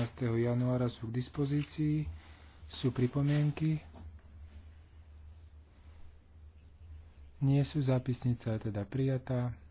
16. januára sú k dispozícii. Sú pripomienky? Nie sú zápisnica teda prijatá.